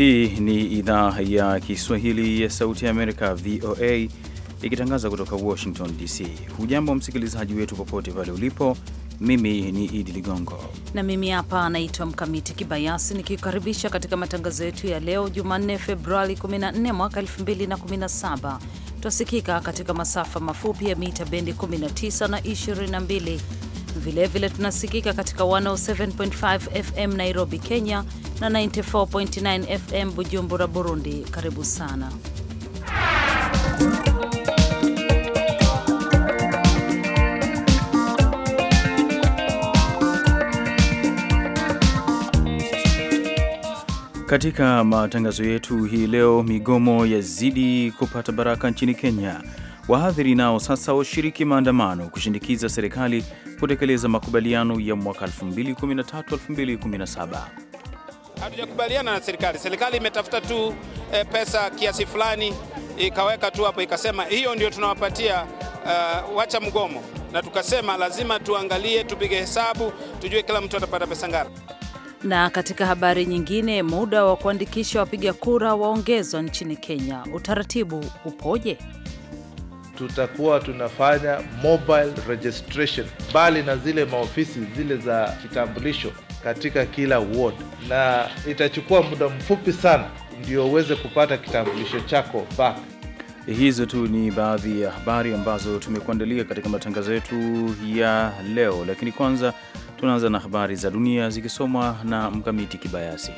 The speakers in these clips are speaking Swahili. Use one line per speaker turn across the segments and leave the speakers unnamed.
Hii ni idhaa ya Kiswahili ya Sauti ya Amerika, VOA, ikitangaza kutoka Washington DC. Hujambo msikilizaji wetu popote pale ulipo. Mimi ni Idi Ligongo
na mimi hapa anaitwa Mkamiti Kibayasi nikikaribisha katika matangazo yetu ya leo Jumanne, Februari 14 mwaka 2017. Twasikika katika masafa mafupi ya mita bendi 19 na 22 Vilevile tunasikika katika 107.5 FM Nairobi, Kenya na 94.9 FM Bujumbura, Burundi. Karibu sana.
Katika matangazo yetu hii leo, migomo yazidi kupata baraka nchini Kenya Wahadhiri nao sasa washiriki maandamano kushindikiza serikali kutekeleza makubaliano ya mwaka 2013-2017.
Hatujakubaliana na serikali. Serikali imetafuta tu e, pesa kiasi fulani ikaweka tu hapo, ikasema hiyo ndio tunawapatia uh, wacha mgomo, na tukasema lazima tuangalie, tupige hesabu, tujue kila mtu atapata pesa ngapi.
Na katika habari nyingine, muda wa kuandikisha wapiga kura waongezwa nchini Kenya. Utaratibu upoje?
tutakuwa tunafanya mobile registration, mbali na zile maofisi zile za kitambulisho katika kila ward, na itachukua muda mfupi sana ndio uweze kupata kitambulisho chako back. Hizo tu ni baadhi ya habari
ambazo tumekuandalia katika matangazo yetu ya leo, lakini kwanza tunaanza na habari za dunia zikisomwa na Mkamiti Kibayasi.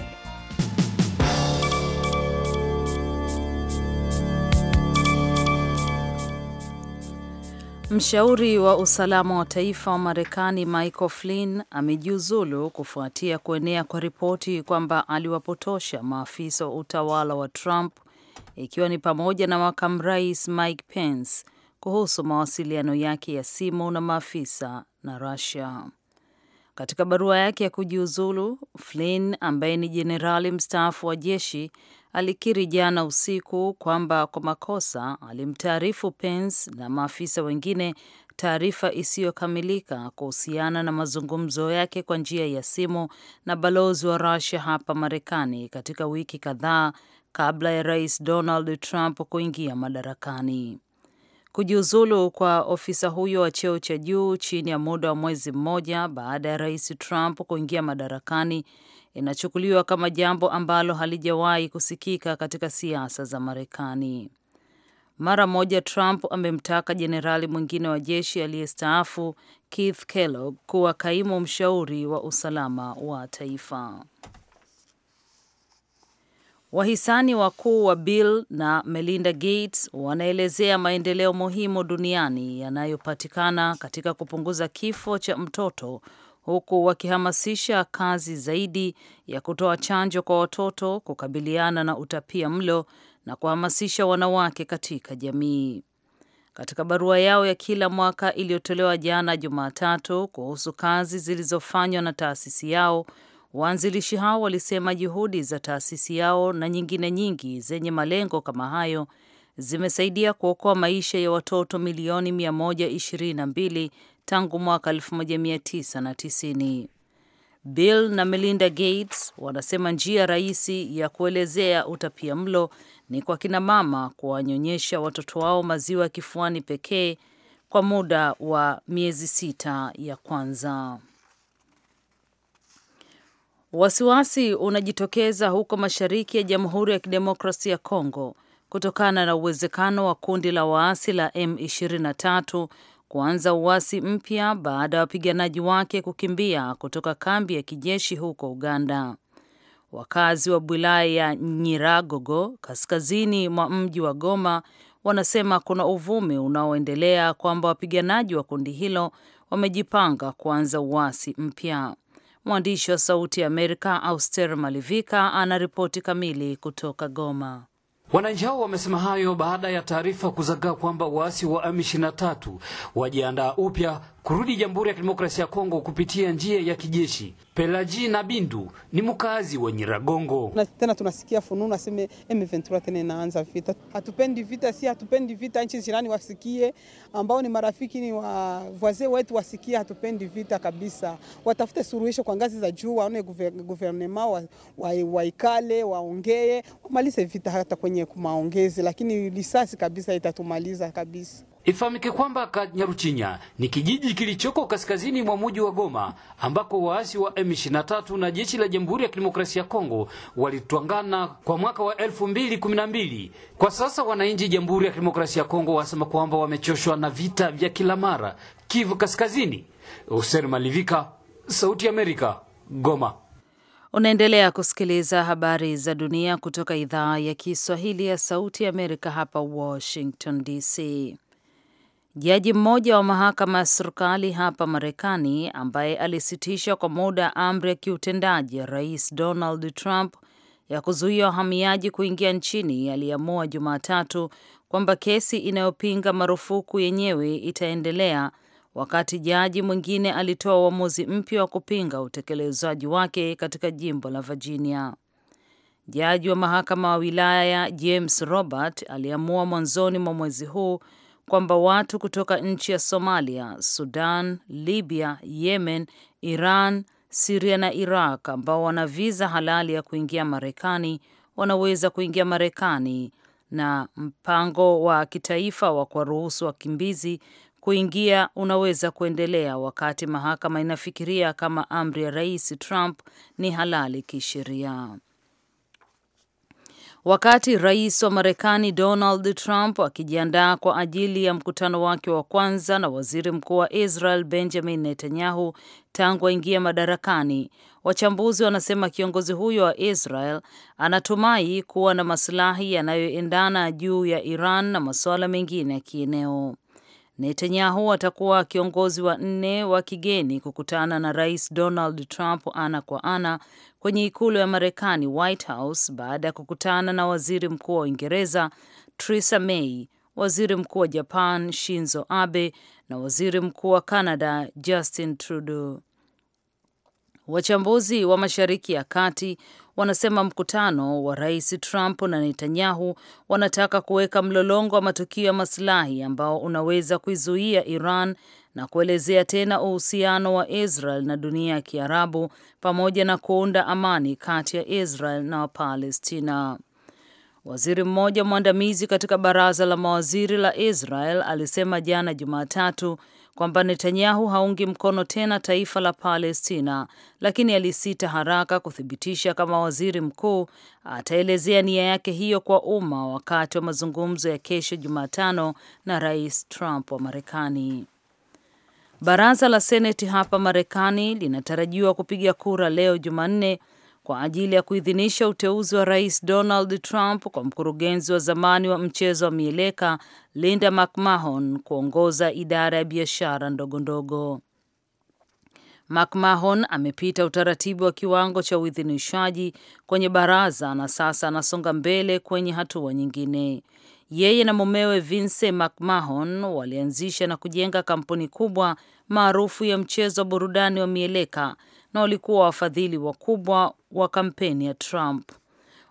Mshauri wa usalama wa taifa wa Marekani Michael Flynn amejiuzulu kufuatia kuenea kwa ripoti kwamba aliwapotosha maafisa wa utawala wa Trump ikiwa ni pamoja na makamu rais Mike Pence kuhusu mawasiliano yake ya simu na maafisa na Russia. Katika barua yake ya kujiuzulu, Flynn ambaye ni jenerali mstaafu wa jeshi alikiri jana usiku kwamba kwa makosa alimtaarifu Pence na maafisa wengine taarifa isiyokamilika kuhusiana na mazungumzo yake kwa njia ya simu na balozi wa Russia hapa Marekani katika wiki kadhaa kabla ya Rais Donald Trump kuingia madarakani. Kujiuzulu kwa ofisa huyo wa cheo cha juu chini ya muda wa mwezi mmoja baada ya Rais Trump kuingia madarakani inachukuliwa kama jambo ambalo halijawahi kusikika katika siasa za Marekani. Mara moja Trump amemtaka jenerali mwingine wa jeshi aliyestaafu Keith Kellogg kuwa kaimu mshauri wa usalama wa taifa. Wahisani wakuu wa Bill na Melinda Gates wanaelezea maendeleo muhimu duniani yanayopatikana katika kupunguza kifo cha mtoto huku wakihamasisha kazi zaidi ya kutoa chanjo kwa watoto, kukabiliana na utapia mlo na kuhamasisha wanawake katika jamii. Katika barua yao ya kila mwaka iliyotolewa jana Jumatatu kuhusu kazi zilizofanywa na taasisi yao, waanzilishi hao walisema juhudi za taasisi yao na nyingine nyingi zenye malengo kama hayo zimesaidia kuokoa maisha ya watoto milioni tangu mwaka 1990. Bill na Melinda Gates wanasema njia rahisi ya kuelezea utapia mlo ni kwa kina mama kuwanyonyesha watoto wao maziwa ya kifuani pekee kwa muda wa miezi sita ya kwanza. Wasiwasi unajitokeza huko mashariki ya Jamhuri ya Kidemokrasia ya Kongo kutokana na uwezekano wa kundi la waasi la M23 kuanza uasi mpya baada ya wapiganaji wake kukimbia kutoka kambi ya kijeshi huko Uganda. Wakazi wa wilaya ya Nyiragogo kaskazini mwa mji wa Goma wanasema kuna uvumi unaoendelea kwamba wapiganaji wa kundi hilo wamejipanga kuanza uasi mpya. Mwandishi wa Sauti ya Amerika Auster Malivika anaripoti kamili kutoka Goma.
Wananchi hao wamesema hayo baada ya taarifa kuzagaa kwamba waasi wa M23 wajiandaa upya kurudi Jamhuri ya Kidemokrasia ya Kongo kupitia njia ya kijeshi. Pelaji na Bindu ni mkazi wa Nyiragongo.
Na tena tunasikia fununu aseme M23 tena inaanza vita. Hatupendi vita, si hatupendi vita, nchi jirani wasikie, ambao ni marafiki ni wa wazee wetu wasikie, hatupendi vita kabisa. Watafute suluhisho kwa ngazi za juu, waone guvernema wa, wa, waikale, waongee, wamalize vita hata kwenye maongezi, lakini risasi kabisa itatumaliza kabisa.
Ifahamike kwamba Kanyaruchinya ni kijiji kilichoko kaskazini mwa mji wa Goma ambako waasi wa M23 na jeshi la Jamhuri ya Kidemokrasia ya Kongo walitwangana kwa mwaka wa 2012. Kwa sasa wananchi Jamhuri ya Kidemokrasia ya Kongo wasema kwamba wamechoshwa na vita vya kila mara Kivu Kaskazini. Hussein Malivika, Sauti Amerika, Goma.
Unaendelea kusikiliza habari za dunia kutoka idhaa ya Kiswahili ya Sauti Amerika hapa Washington DC. Jaji mmoja wa mahakama ya serikali hapa Marekani ambaye alisitisha kwa muda amri ya kiutendaji ya Rais Donald Trump ya kuzuia wahamiaji kuingia nchini aliamua Jumatatu kwamba kesi inayopinga marufuku yenyewe itaendelea wakati jaji mwingine alitoa uamuzi mpya wa kupinga utekelezaji wake katika jimbo la Virginia. Jaji wa mahakama wa wilaya James Robert aliamua mwanzoni mwa mwezi huu kwamba watu kutoka nchi ya Somalia, Sudan, Libya, Yemen, Iran, Siria na Iraq ambao wana viza halali ya kuingia Marekani wanaweza kuingia Marekani na mpango wa kitaifa wa kuwaruhusu wakimbizi kuingia unaweza kuendelea wakati mahakama inafikiria kama amri ya Rais Trump ni halali kisheria. Wakati rais wa Marekani Donald Trump akijiandaa kwa ajili ya mkutano wake wa kwanza na waziri mkuu wa Israel Benjamin Netanyahu tangu aingia madarakani, wachambuzi wanasema kiongozi huyo wa Israel anatumai kuwa na masilahi yanayoendana juu ya Iran na masuala mengine ya kieneo. Netanyahu atakuwa kiongozi wa nne wa kigeni kukutana na Rais Donald Trump ana kwa ana kwenye ikulu ya Marekani, White House, baada ya kukutana na waziri mkuu wa Uingereza Theresa May, waziri mkuu wa Japan Shinzo Abe na waziri mkuu wa Canada Justin Trudeau. Wachambuzi wa Mashariki ya Kati wanasema mkutano wa rais Trump na Netanyahu wanataka kuweka mlolongo wa matukio ya masilahi ambao unaweza kuizuia Iran na kuelezea tena uhusiano wa Israel na dunia ya Kiarabu pamoja na kuunda amani kati ya Israel na Wapalestina. Waziri mmoja mwandamizi katika baraza la mawaziri la Israel alisema jana Jumatatu kwamba Netanyahu haungi mkono tena taifa la Palestina, lakini alisita haraka kuthibitisha kama waziri mkuu ataelezea nia yake hiyo kwa umma wakati wa mazungumzo ya kesho Jumatano na Rais Trump wa Marekani. Baraza la Seneti hapa Marekani linatarajiwa kupiga kura leo Jumanne kwa ajili ya kuidhinisha uteuzi wa Rais Donald Trump kwa mkurugenzi wa zamani wa mchezo wa mieleka Linda McMahon kuongoza idara ya biashara ndogondogo. McMahon amepita utaratibu wa kiwango cha uidhinishaji kwenye baraza na sasa anasonga mbele kwenye hatua nyingine. Yeye na mumewe Vince McMahon walianzisha na kujenga kampuni kubwa maarufu ya mchezo wa burudani wa mieleka na walikuwa wafadhili wakubwa wa kampeni ya Trump.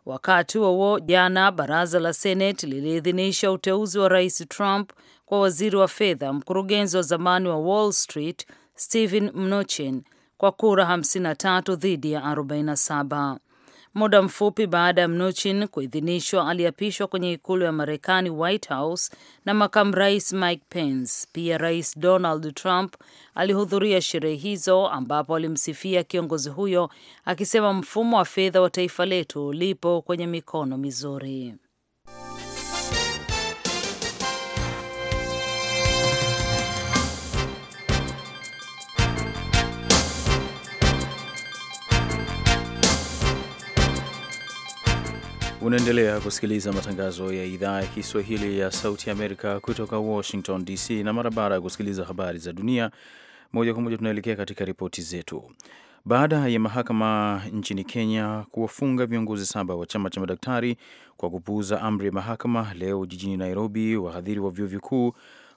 Wakati huo jana, baraza la Seneti liliidhinisha uteuzi wa rais Trump kwa waziri wa fedha, mkurugenzi wa zamani wa Wall Street Steven Mnuchin kwa kura 53 dhidi ya 47. Muda mfupi baada ya Mnuchin kuidhinishwa, aliapishwa kwenye ikulu ya Marekani, White House, na makamu rais Mike Pence. Pia Rais Donald Trump alihudhuria sherehe hizo, ambapo alimsifia kiongozi huyo akisema mfumo wa fedha wa taifa letu lipo kwenye mikono mizuri.
Unaendelea kusikiliza matangazo ya idhaa ya Kiswahili ya Sauti Amerika kutoka Washington DC, na mara baada ya kusikiliza habari za dunia moja kwa moja, tunaelekea katika ripoti zetu. Baada ya mahakama nchini Kenya kuwafunga viongozi saba wa chama cha madaktari kwa kupuuza amri ya mahakama, leo jijini Nairobi, wahadhiri wa vyuo vikuu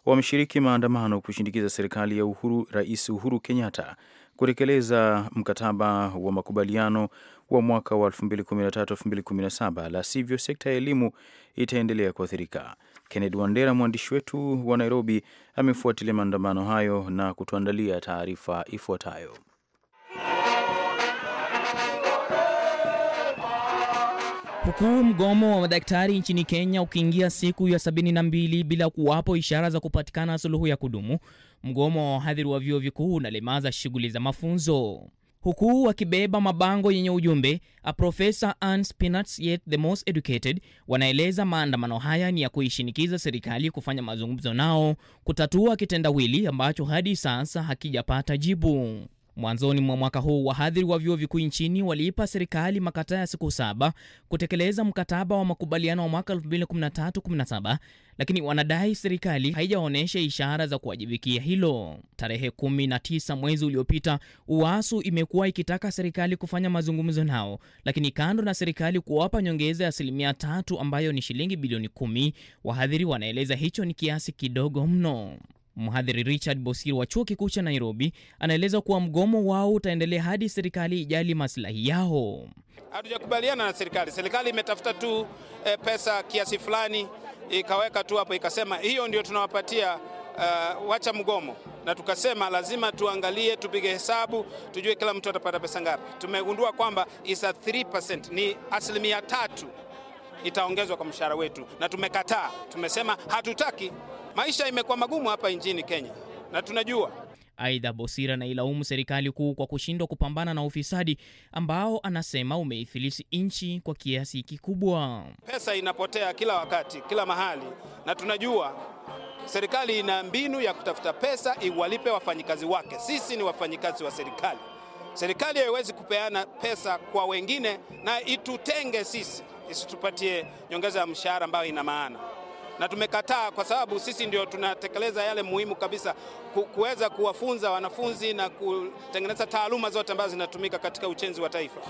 wameshiriki maandamano kushindikiza serikali ya Uhuru, Rais Uhuru Kenyatta kutekeleza mkataba wa makubaliano wa mwaka wa 2013-2017, la sivyo sekta ya elimu itaendelea kuathirika. Kennedy Wandera, mwandishi wetu wa Nairobi, amefuatilia maandamano hayo na kutuandalia taarifa ifuatayo.
Huku mgomo wa madaktari nchini Kenya ukiingia siku ya sabini na mbili bila kuwapo ishara za kupatikana suluhu ya kudumu, mgomo wa wahadhiri wa vyuo vikuu unalemaza shughuli za mafunzo huku wakibeba mabango yenye ujumbe a profesa earns yet the most educated. Wanaeleza maandamano haya ni ya kuishinikiza serikali kufanya mazungumzo nao kutatua kitendawili ambacho hadi sasa hakijapata jibu. Mwanzoni mwa mwaka huu wahadhiri wa vyuo vikuu nchini waliipa serikali makataa ya siku saba kutekeleza mkataba wa makubaliano wa mwaka 2013-17 lakini wanadai serikali haijaonyesha ishara za kuwajibikia hilo. Tarehe 19 mwezi uliopita, UASU imekuwa ikitaka serikali kufanya mazungumzo nao, lakini kando na serikali kuwapa nyongeza ya asilimia tatu ambayo ni shilingi bilioni kumi, wahadhiri wanaeleza hicho ni kiasi kidogo mno. Mhadhiri Richard Bosir wa chuo kikuu cha Nairobi anaeleza kuwa mgomo wao utaendelea hadi serikali ijali maslahi yao.
Hatujakubaliana na serikali. Serikali imetafuta tu e, pesa kiasi fulani ikaweka tu hapo, ikasema hiyo ndio tunawapatia uh, wacha mgomo na tukasema lazima tuangalie, tupige hesabu, tujue kila mtu atapata pesa ngapi. Tumegundua kwamba is a 3% ni asilimia tatu itaongezwa kwa mshahara wetu, na tumekataa, tumesema hatutaki. Maisha imekuwa magumu hapa nchini Kenya na tunajua.
Aidha, Bosira anailaumu serikali kuu kwa kushindwa kupambana na ufisadi ambao anasema umeithilisi nchi kwa kiasi kikubwa.
Pesa inapotea kila wakati, kila mahali, na tunajua serikali ina mbinu ya kutafuta pesa iwalipe wafanyikazi wake. Sisi ni wafanyikazi wa serikali. Serikali haiwezi kupeana pesa kwa wengine na itutenge sisi, isitupatie nyongeza ya mshahara ambayo ina maana na tumekataa kwa sababu sisi ndio tunatekeleza yale muhimu kabisa, kuweza kuwafunza wanafunzi na kutengeneza taaluma zote ambazo zinatumika katika ujenzi wa taifa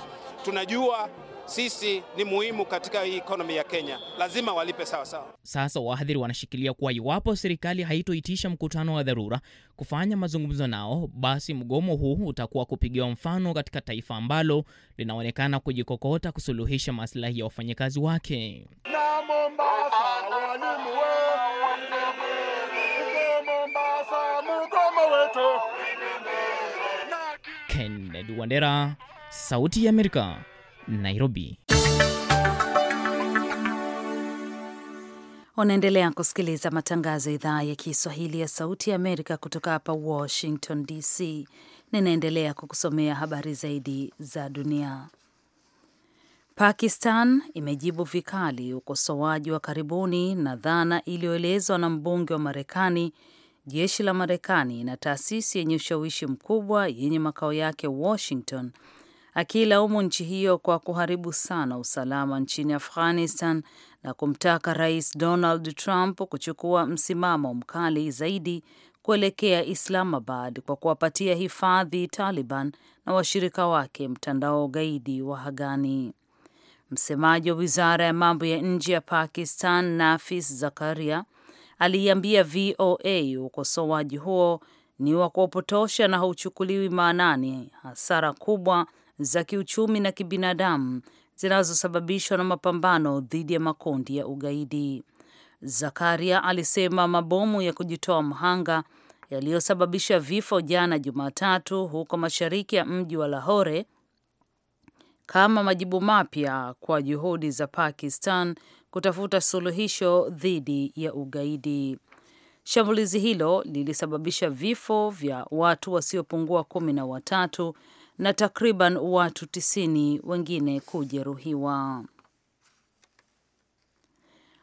tunajua sisi ni muhimu katika hii ekonomi ya Kenya, lazima walipe sawa sawa.
Sasa wahadhiri wanashikilia kuwa iwapo serikali haitoitisha mkutano wa dharura kufanya mazungumzo nao, basi mgomo huu utakuwa kupigiwa mfano katika taifa ambalo linaonekana kujikokota kusuluhisha maslahi ya wafanyakazi wake.
Na Mombasa walimu we, Mombasa mgomo wetu.
Kennedy Wandera Sauti ya Amerika, Nairobi.
Unaendelea kusikiliza matangazo ya idhaa ya Kiswahili ya Sauti ya Amerika kutoka hapa Washington DC. Ninaendelea kukusomea habari zaidi za dunia. Pakistan imejibu vikali ukosoaji wa karibuni na dhana iliyoelezwa na mbunge wa Marekani, jeshi la Marekani na taasisi yenye ushawishi mkubwa yenye makao yake Washington akiilaumu nchi hiyo kwa kuharibu sana usalama nchini Afghanistan na kumtaka Rais Donald Trump kuchukua msimamo mkali zaidi kuelekea Islamabad kwa kuwapatia hifadhi Taliban na washirika wake mtandao gaidi wa Hagani. Msemaji wa wizara ya mambo ya nje ya Pakistan, Nafis Zakaria, aliiambia VOA ukosoaji huo ni wa kuopotosha na hauchukuliwi maanani hasara kubwa za kiuchumi na kibinadamu zinazosababishwa na mapambano dhidi ya makundi ya ugaidi. Zakaria alisema mabomu ya kujitoa mhanga yaliyosababisha vifo jana Jumatatu huko mashariki ya mji wa Lahore kama majibu mapya kwa juhudi za Pakistan kutafuta suluhisho dhidi ya ugaidi. Shambulizi hilo lilisababisha vifo vya watu wasiopungua kumi na watatu na takriban watu tisini wengine kujeruhiwa.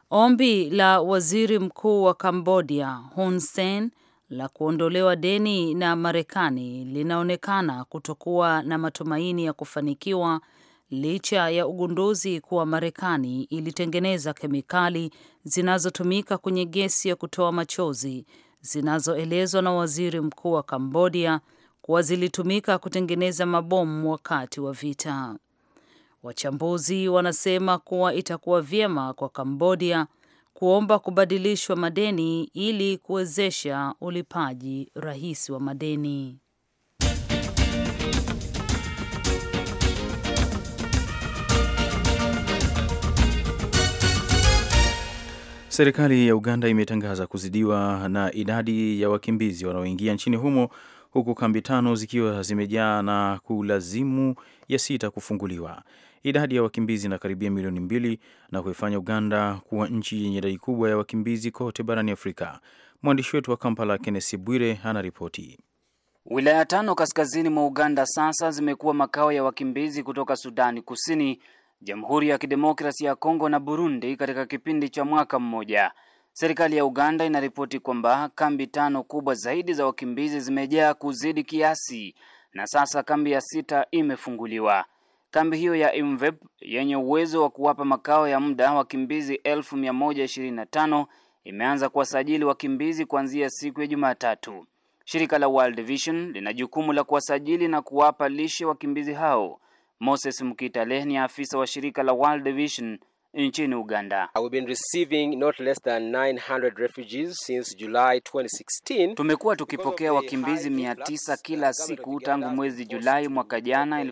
Ombi la waziri mkuu wa Kambodia Hun Sen la kuondolewa deni na Marekani linaonekana kutokuwa na matumaini ya kufanikiwa licha ya ugunduzi kuwa Marekani ilitengeneza kemikali zinazotumika kwenye gesi ya kutoa machozi zinazoelezwa na waziri mkuu wa Kambodia kuwa zilitumika kutengeneza mabomu wakati wa vita. Wachambuzi wanasema kuwa itakuwa vyema kwa Kambodia kuomba kubadilishwa madeni ili kuwezesha ulipaji rahisi wa madeni.
Serikali ya Uganda imetangaza kuzidiwa na idadi ya wakimbizi wanaoingia nchini humo huku kambi tano zikiwa zimejaa na kulazimu ya sita kufunguliwa. Idadi ya wakimbizi inakaribia milioni mbili na kuifanya Uganda kuwa nchi yenye idadi kubwa ya wakimbizi kote barani Afrika. Mwandishi wetu wa Kampala, Kennesi Bwire, anaripoti.
Wilaya tano kaskazini mwa Uganda sasa zimekuwa makao ya wakimbizi kutoka Sudani Kusini, Jamhuri ya Kidemokrasia ya Kongo na Burundi katika kipindi cha mwaka mmoja. Serikali ya Uganda inaripoti kwamba kambi tano kubwa zaidi za wakimbizi zimejaa kuzidi kiasi na sasa kambi ya sita imefunguliwa. Kambi hiyo ya Imvep yenye uwezo wa kuwapa makao ya muda wakimbizi 1125 imeanza kuwasajili wakimbizi kuanzia siku ya Jumatatu. Shirika la World Vision lina jukumu la kuwasajili na kuwapa lishe wakimbizi hao. Moses Mkitale ni afisa wa shirika la World Vision nchini Uganda. Tumekuwa tukipokea wakimbizi tisa kila siku tangu mwezi Julai mwaka jana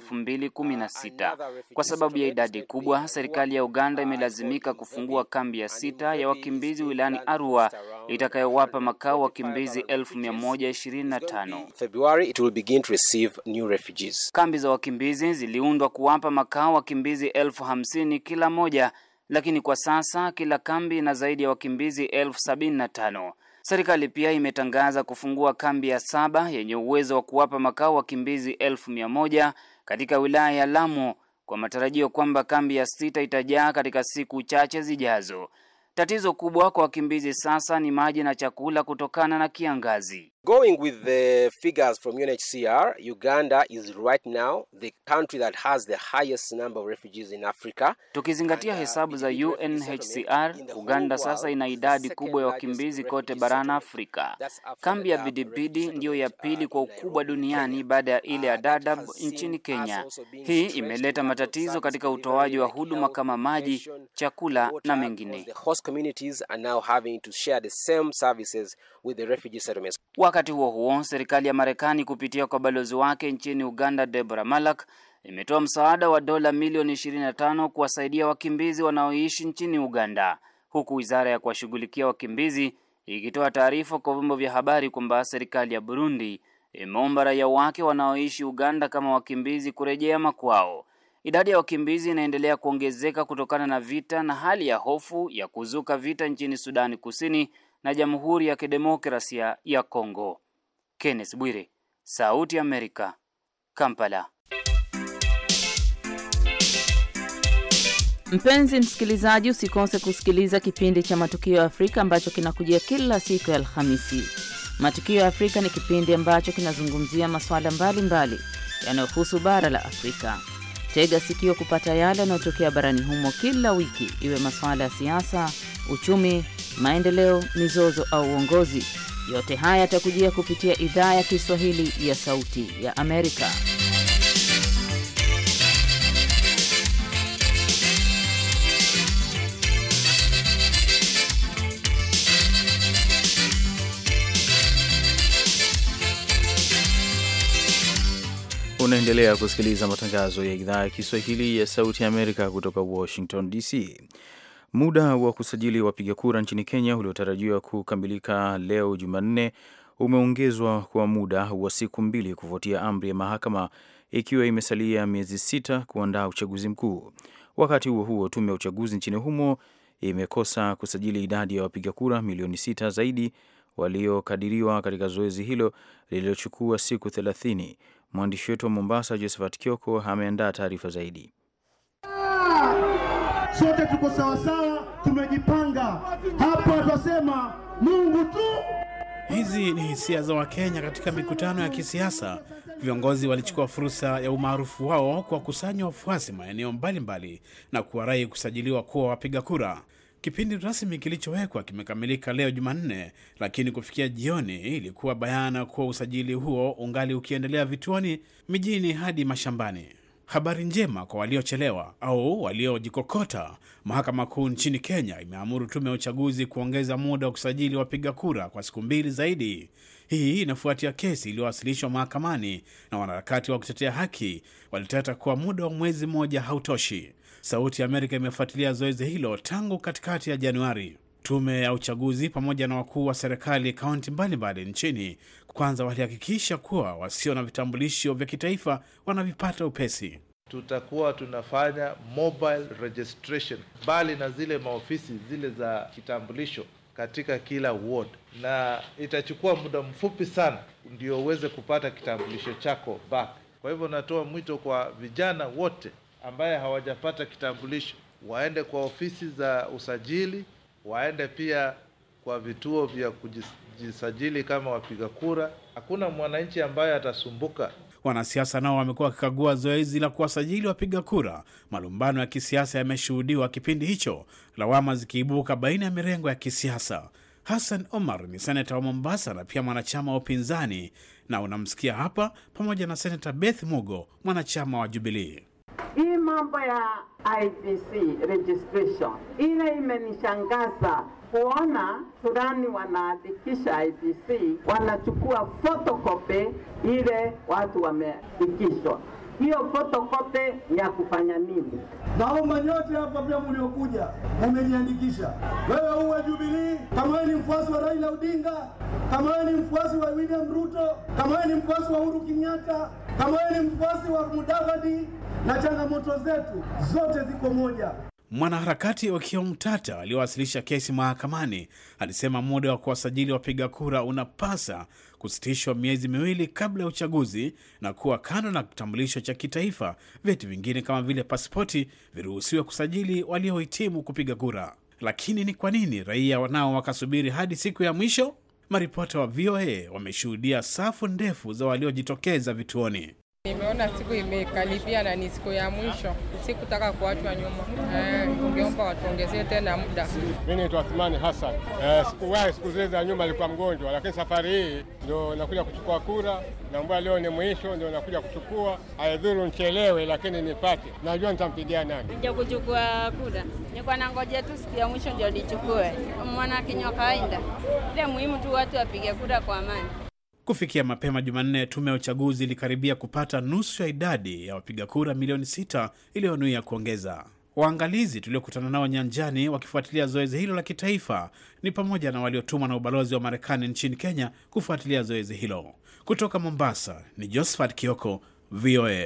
sita. Uh, Kwa sababu ya idadi kubwa, serikali ya Uganda imelazimika kufungua kambi ya sita ya wakimbizi wilayani Arua itakayowapa makao wakimbizi 1125. February it will begin to receive new refugees. Kambi za wakimbizi ziliundwa kuwapa makao wakimbizi elfu hamsini kila moja lakini kwa sasa kila kambi ina zaidi ya wakimbizi elfu sabini na tano. Serikali pia imetangaza kufungua kambi ya saba yenye uwezo wa kuwapa makao wakimbizi elfu mia moja katika wilaya ya Lamu kwa matarajio kwamba kambi ya sita itajaa katika siku chache zijazo. Tatizo kubwa kwa wakimbizi sasa ni maji na chakula kutokana na kiangazi.
Going with the figures from UNHCR, Uganda is right now the country that has the highest number of refugees in Africa.
Tukizingatia uh, hesabu za UNHCR, Uganda sasa ina idadi kubwa ya wakimbizi kote barani Afrika. Kambi ya Bidibidi ndiyo ya pili kwa ukubwa duniani baada ya ile ya Dadaab nchini Kenya. Hii imeleta matatizo katika utoaji wa huduma kama maji, chakula na mengine. Wakati huo huo, serikali ya Marekani kupitia kwa balozi wake nchini Uganda Deborah Malak imetoa msaada wa dola milioni 25 kuwasaidia wakimbizi wanaoishi nchini Uganda, huku wizara ya kuwashughulikia wakimbizi ikitoa taarifa kwa vyombo vya habari kwamba serikali ya Burundi imeomba raia wake wanaoishi Uganda kama wakimbizi kurejea makwao. Idadi ya wakimbizi inaendelea kuongezeka kutokana na vita na hali ya hofu ya kuzuka vita nchini Sudani Kusini na Jamhuri ya Kidemokrasia ya Kongo. Kenneth Bwire, Sauti ya Amerika, Kampala.
Mpenzi msikilizaji, usikose kusikiliza kipindi cha Matukio ya Afrika ambacho kinakujia kila siku ya Alhamisi. Matukio ya Afrika ni kipindi ambacho kinazungumzia masuala mbalimbali yanayohusu bara la Afrika. Tega sikio kupata yale yanayotokea barani humo kila wiki, iwe masuala ya siasa, uchumi maendeleo, mizozo au uongozi. Yote haya yatakujia kupitia idhaa ya Kiswahili ya Sauti ya Amerika.
Unaendelea kusikiliza matangazo ya idhaa ya Kiswahili ya Sauti ya Amerika kutoka Washington DC. Muda wa kusajili wapiga kura nchini Kenya uliotarajiwa kukamilika leo Jumanne umeongezwa kwa muda wa siku mbili kufuatia amri ya mahakama ikiwa imesalia miezi sita kuandaa uchaguzi mkuu. Wakati huo huo, tume ya uchaguzi nchini humo imekosa kusajili idadi ya wapiga kura milioni sita zaidi waliokadiriwa katika zoezi hilo lililochukua siku thelathini. Mwandishi wetu wa Mombasa, Josephat Kioko, ameandaa taarifa zaidi
sote tuko sawasawa, tumejipanga hapa, twasema Mungu tu. Hizi ni hisia za Wakenya katika mikutano ya kisiasa. Viongozi walichukua fursa ya umaarufu wao kuwakusanya wafuasi maeneo mbalimbali na kuwarai kusajiliwa kuwa wapiga kura. Kipindi rasmi kilichowekwa kimekamilika leo Jumanne, lakini kufikia jioni ilikuwa bayana kuwa usajili huo ungali ukiendelea vituoni, mijini hadi mashambani. Habari njema kwa waliochelewa au waliojikokota. Mahakama Kuu nchini Kenya imeamuru tume ya uchaguzi kuongeza muda wa kusajili wapiga kura kwa siku mbili zaidi. Hii inafuatia kesi iliyowasilishwa mahakamani na wanaharakati wa kutetea haki walitata kuwa muda wa mwezi mmoja hautoshi. Sauti ya Amerika imefuatilia zoezi hilo tangu katikati ya Januari. Tume ya uchaguzi pamoja na wakuu wa serikali kaunti mbalimbali nchini kwanza walihakikisha kuwa wasio na vitambulisho vya kitaifa wanavipata upesi.
Tutakuwa tunafanya mobile registration mbali na zile maofisi zile za kitambulisho katika kila ward, na itachukua muda mfupi sana ndio uweze kupata kitambulisho chako back. Kwa hivyo natoa mwito kwa vijana wote ambaye hawajapata kitambulisho waende kwa ofisi za usajili, waende pia kwa vituo vya wajisajili kama wapiga kura. Hakuna mwananchi ambaye atasumbuka.
Wanasiasa nao wamekuwa wakikagua zoezi la kuwasajili wapiga kura. Malumbano ya kisiasa yameshuhudiwa kipindi hicho, lawama zikiibuka baina ya mirengo ya kisiasa. Hassan Omar ni seneta wa Mombasa na pia mwanachama wa upinzani, na unamsikia hapa pamoja na seneta Beth Mugo, mwanachama wa Jubilii.
Hii mambo ya IBC registration ile imenishangaza kuona fulani wanaandikisha IBC, wanachukua fotokope ile watu wameandikishwa. Hiyo
ni ya kufanya nini? Naomba nyote hapa pia mliokuja mumejiandikisha Wewe uwe Jubilee, kama wewe ni mfuasi wa Raila Odinga, kama wewe ni mfuasi wa William Ruto, kama wewe ni mfuasi wa Uhuru Kenyatta, kama wewe ni mfuasi wa Mudavadi, na changamoto zetu zote ziko moja.
Mwanaharakati wa Kiomtata aliyowasilisha kesi mahakamani alisema muda wa kuwasajili wapiga kura unapasa kusitishwa miezi miwili kabla ya uchaguzi, na kuwa kando na kitambulisho cha kitaifa, vyeti vingine kama vile pasipoti viruhusiwe kusajili waliohitimu kupiga kura. Lakini ni kwa nini raia wanao wakasubiri hadi siku ya mwisho? Maripota wa VOA wameshuhudia safu ndefu za waliojitokeza vituoni.
Nimeona siku imekaribia na ni siku ya mwisho, sikutaka kuachwa nyuma. Eh, ungeomba watuongezee tena muda.
Mimi naitwa Athmani Hassan. Eh, sikuwahi siku zile za nyuma alikuwa mgonjwa, lakini safari hii ndio nakuja kuchukua kura. Naomba leo ni mwisho, ndio nakuja kuchukua. aidhuru nchelewe lakini nipate. Najua nitampigia nani. Nija
kuchukua kura, nilikuwa nangoja tu siku ya mwisho ndio nichukue. Mwana kinywa kawaida, ile muhimu tu watu wapige kura kwa amani.
Kufikia mapema Jumanne, tume ya uchaguzi ilikaribia kupata nusu ya idadi ya wapiga kura milioni sita iliyonuia kuongeza. Waangalizi tuliokutana nao nyanjani wakifuatilia zoezi hilo la kitaifa ni pamoja na waliotumwa na ubalozi wa Marekani nchini Kenya kufuatilia zoezi hilo. Kutoka Mombasa ni Josephat Kioko, VOA.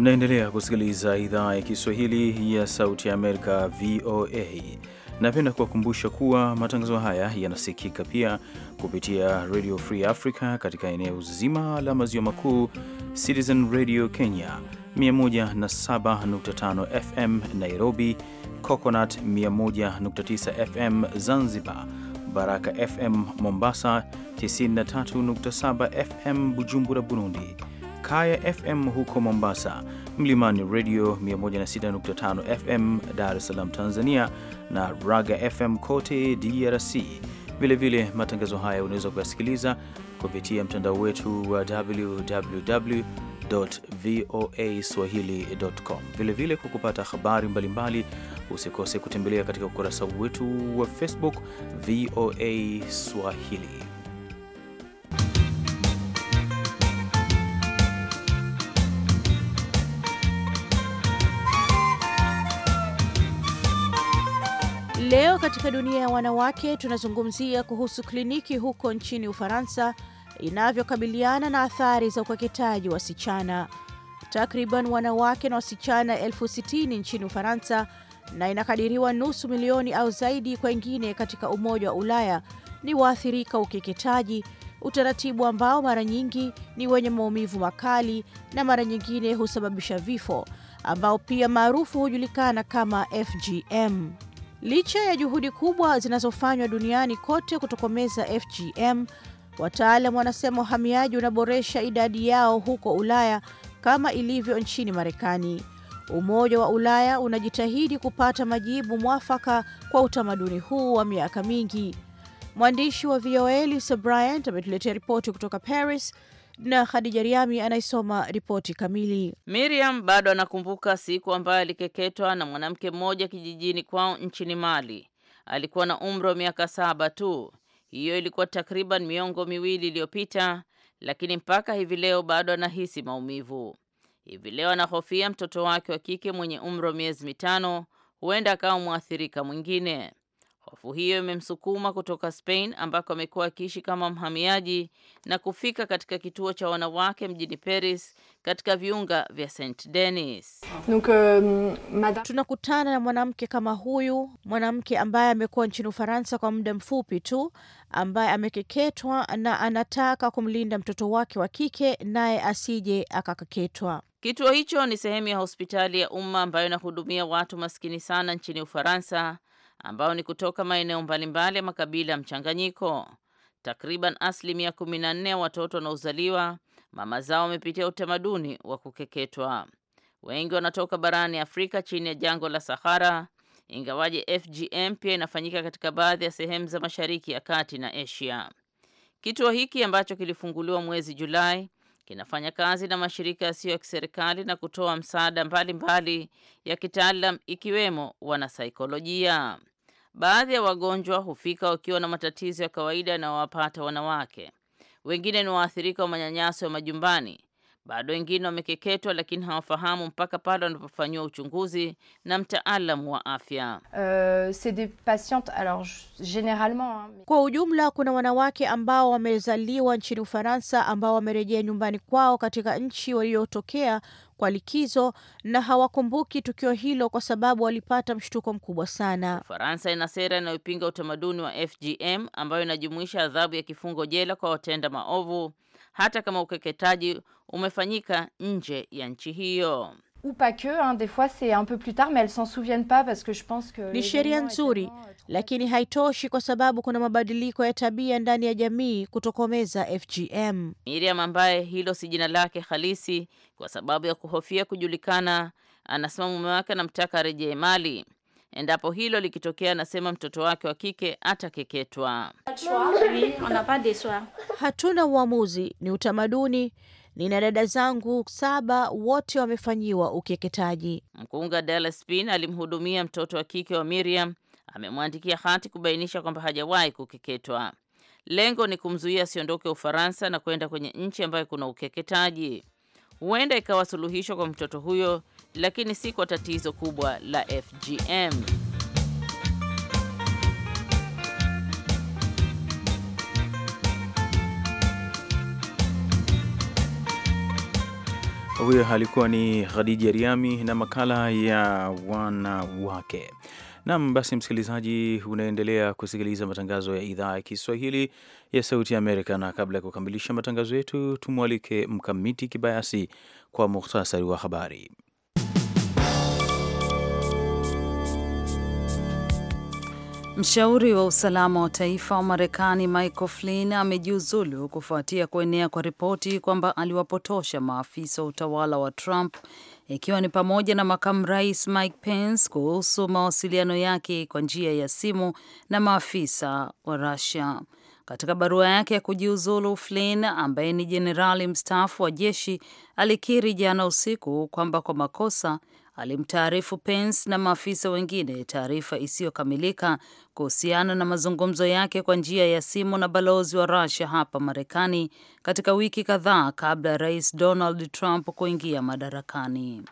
Mnaendelea kusikiliza idhaa ya Kiswahili ya Sauti ya Amerika, VOA. Napenda kuwakumbusha kuwa matangazo haya yanasikika pia kupitia Radio Free Africa katika eneo zima la maziwa makuu, Citizen Radio Kenya 107.5 FM Nairobi, Coconut 101.9 FM Zanzibar, Baraka FM Mombasa, 93.7 FM Bujumbura, Burundi, Kaya FM huko Mombasa, Mlimani Radio 106.5 FM Dar es Salaam Tanzania, na Raga FM kote DRC. Vilevile matangazo haya unaweza kuyasikiliza kupitia mtandao wetu wa www voa swahili.com. Vilevile, kwa kupata habari mbalimbali, usikose kutembelea katika ukurasa wetu wa Facebook VOA Swahili.
Leo katika dunia ya wanawake tunazungumzia kuhusu kliniki huko nchini Ufaransa inavyokabiliana na athari za ukeketaji wasichana. Takriban wanawake na wasichana elfu sitini nchini Ufaransa na inakadiriwa nusu milioni au zaidi kwengine katika Umoja wa Ulaya ni waathirika ukeketaji, utaratibu ambao mara nyingi ni wenye maumivu makali na mara nyingine husababisha vifo, ambao pia maarufu hujulikana kama FGM. Licha ya juhudi kubwa zinazofanywa duniani kote kutokomeza FGM, wataalam wanasema uhamiaji unaboresha idadi yao huko Ulaya kama ilivyo nchini Marekani. Umoja wa Ulaya unajitahidi kupata majibu mwafaka kwa utamaduni huu wa miaka mingi. Mwandishi wa VOA Lisa Bryant ametuletea ripoti kutoka Paris na Khadija Riami anayesoma ripoti kamili.
Miriam bado anakumbuka siku ambayo alikeketwa na mwanamke mmoja kijijini kwao nchini Mali. Alikuwa na umri wa miaka saba tu. Hiyo ilikuwa takriban miongo miwili iliyopita, lakini mpaka hivi leo bado anahisi maumivu. Hivi leo anahofia mtoto wake wa kike mwenye umri wa miezi mitano huenda akawa mwathirika mwingine. Hofu hiyo imemsukuma kutoka Spain ambako amekuwa akiishi kama mhamiaji na kufika katika kituo cha wanawake mjini Paris katika viunga vya St Denis.
Donc, uh, tunakutana na mwanamke kama huyu, mwanamke ambaye amekuwa nchini Ufaransa kwa muda mfupi tu, ambaye amekeketwa na anataka kumlinda mtoto wake wa kike naye asije akakeketwa.
Kituo hicho ni sehemu ya hospitali ya umma ambayo inahudumia watu maskini sana nchini Ufaransa ambao ni kutoka maeneo mbalimbali ya makabila ya mchanganyiko. Takriban asilimia nne ya watoto wanaozaliwa mama zao wamepitia utamaduni wa kukeketwa. Wengi wanatoka barani Afrika chini ya jangwa la Sahara, ingawaje FGM pia inafanyika katika baadhi ya sehemu za Mashariki ya Kati na Asia. Kituo hiki ambacho kilifunguliwa mwezi Julai kinafanya kazi na mashirika yasiyo ya kiserikali na kutoa msaada mbalimbali mbali ya kitaalam ikiwemo wanasaikolojia. Baadhi ya wagonjwa hufika wakiwa na matatizo ya kawaida yanayowapata wanawake. Wengine ni waathirika wa manyanyaso ya majumbani bado wengine wamekeketwa, lakini hawafahamu mpaka pale wanapofanyiwa uchunguzi na mtaalamu wa afya.
Uh, kwa ujumla kuna wanawake ambao wamezaliwa nchini Ufaransa ambao wamerejea nyumbani kwao katika nchi waliotokea kwa likizo na hawakumbuki tukio hilo kwa sababu walipata mshtuko mkubwa sana.
Ufaransa ina sera inayopinga utamaduni wa FGM ambayo inajumuisha adhabu ya kifungo jela kwa watenda maovu hata kama ukeketaji umefanyika nje ya nchi
hiyo. Ni sheria nzuri, lakini haitoshi kwa sababu kuna mabadiliko ya tabia ndani ya jamii kutokomeza FGM.
Miriam, ambaye hilo si jina lake halisi, kwa sababu ya kuhofia kujulikana, anasema mume wake anamtaka arejee Mali. Endapo hilo likitokea, anasema mtoto wake wa kike atakeketwa.
Hatuna uamuzi, ni utamaduni. Nina dada zangu saba, wote wamefanyiwa ukeketaji.
Mkunga Dallas Pin alimhudumia mtoto wa kike wa Miriam, amemwandikia hati kubainisha kwamba hajawahi kukeketwa. Lengo ni kumzuia asiondoke Ufaransa na kwenda kwenye nchi ambayo kuna ukeketaji. Huenda ikawa suluhisho kwa mtoto huyo lakini si kwa tatizo kubwa la FGM.
Huyo alikuwa ni Khadija Riami na makala ya wanawake. Nam, basi msikilizaji, unaendelea kusikiliza matangazo ya idhaa ya Kiswahili ya Sauti ya Amerika, na kabla ya kukamilisha matangazo yetu, tumwalike Mkamiti Kibayasi kwa muhtasari wa habari.
Mshauri wa usalama wa taifa wa Marekani Michael Flynn amejiuzulu kufuatia kuenea kwa ripoti kwamba aliwapotosha maafisa wa utawala wa Trump ikiwa ni pamoja na makamu rais Mike Pence kuhusu mawasiliano yake kwa njia ya simu na maafisa wa Russia. Katika barua yake ya kujiuzulu, Flynn ambaye ni jenerali mstaafu wa jeshi alikiri jana usiku kwamba kwa makosa alimtaarifu Pence na maafisa wengine taarifa isiyokamilika kuhusiana na mazungumzo yake kwa njia ya simu na balozi wa Russia hapa Marekani katika wiki kadhaa kabla ya Rais Donald Trump kuingia madarakani.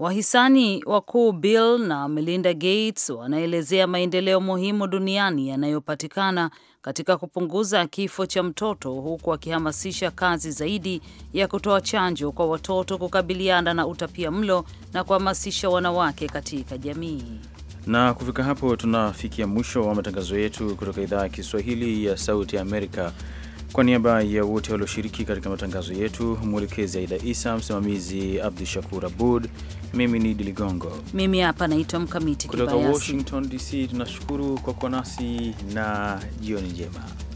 Wahisani wakuu Bill na Melinda Gates wanaelezea maendeleo muhimu duniani yanayopatikana katika kupunguza kifo cha mtoto huku wakihamasisha kazi zaidi ya kutoa chanjo kwa watoto kukabiliana na utapia mlo na kuhamasisha wanawake katika jamii.
Na kufika hapo, tunafikia mwisho wa matangazo yetu kutoka idhaa ya Kiswahili ya Sauti ya Amerika kwa niaba ya wote walioshiriki katika matangazo yetu, mwelekezi Aida Isa, msimamizi Abdu Shakur Abud, mimi ni Idi Ligongo,
mimi hapa naitwa Mkamiti kutoka Washington
DC. Tunashukuru kwa kuwa nasi na jioni njema.